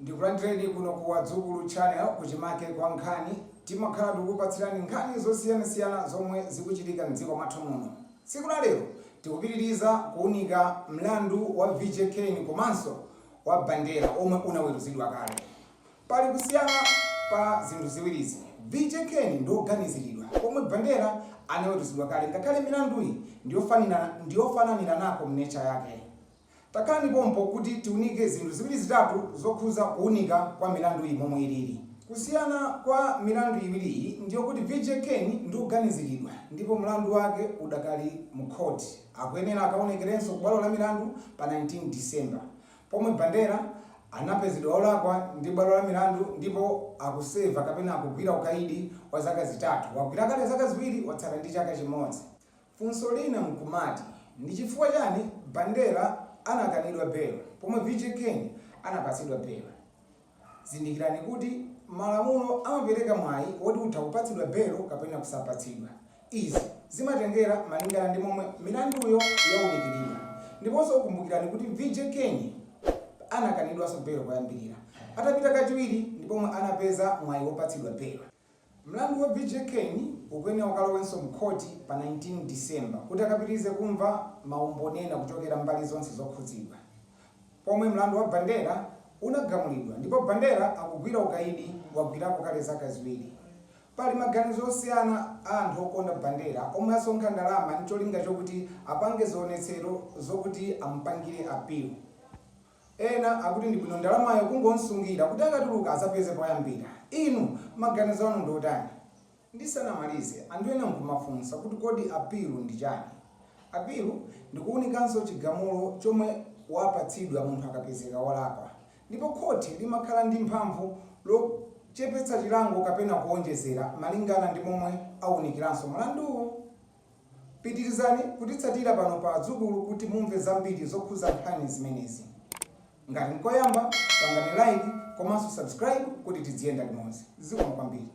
ndikulandireni kuno kuwadzukulu channel kuchimake kwa nkhani timakhala tikukupatsirani nkhani zosiyanasiyana zomwe zikuchitika mdziko mwathu muno tsiku la lero tikupitiriza kuwunika mlandu wa vj kane komanso wa bandera omwe unaweruzidwa kale pali kusiyana pa zinthu ziwirizi vj kane ndioganiziridwa omwe bandera anaweruzidwa kale ngakhale milanduyi ndiyofananira nako mnecha yake takani pompo kuti tiunike zinthu ziwiri zitatu zokhuza kuunika kwa milandu momwe ilili kusiyana kwa milandu iwiriyi iyi ndiyo kuti vj ken ndi kuganiziridwa ndipo mlandu wake udakali mu khoti akuyenera akaonekerenso kubwalo la milandu pa 19 disemba pomwe bandera anapezedwa olakwa ndi bwalo la milandu ndipo akuseva kapena akugwira ukaidi wa zaka zitatu wagwira kale zaka ziwiri watsata ndi chaka chimodzi funso lina mkumati Ndi chifukwa chani Bandera anakanidwa belo pomwe VJ Ken anapatsidwa belo? Zindikirani kuti malamulo amapereka mwayi woti utha kupatsidwa belo kapena kusapatsidwa. Izi zimatengera malingana ndi momwe milanduyo yaumikiridwa. Ndiponso kumbukirani kuti VJ Ken anakanidwanso belo kuyambirira atapita kachiwiri ndipomwe anapeza mwayi wopatsidwa bero mlandu wa bj kane ukwene wenso mkhoti pa 19 disemba kuti akapitirize kumva maumbonena kuchokera mbali zonse zokhuzidwa pomwe mlandu wa bandera unagamulidwa ndipo bandera akugwira ukaidi wagwirako kale zaka ziwiri pali maganizo osiyana a anthu okonda bandera omwe asonkha ndalama ndi cholinga chokuti apange zionetsero zokuti amupangire apilu ena akuti ndibwino ndalama ayo kungonsungira kuti akatuluka asapeze poyambira inu maganizo anu ndiotani ndisanamalize anthu ena nkumafunsa kuti kodi apilu ndi chani apilu ndikuwunikanso chigamulo chomwe wapatsidwa munthu akapezeka walakwa ndipo khoti limakhala ndi mphamvu lochepetsa chilango kapena kuonjezera malingana ndi momwe awunikiranso mlanduwo pitirizani kutitsatira pano pa adzukulu kuti mumve zambiri zokhuza nkhani zimenezi ngati mkoyamba pangani like komanso subscribe kuti tidziyenda limodzi ziwoma kwambiri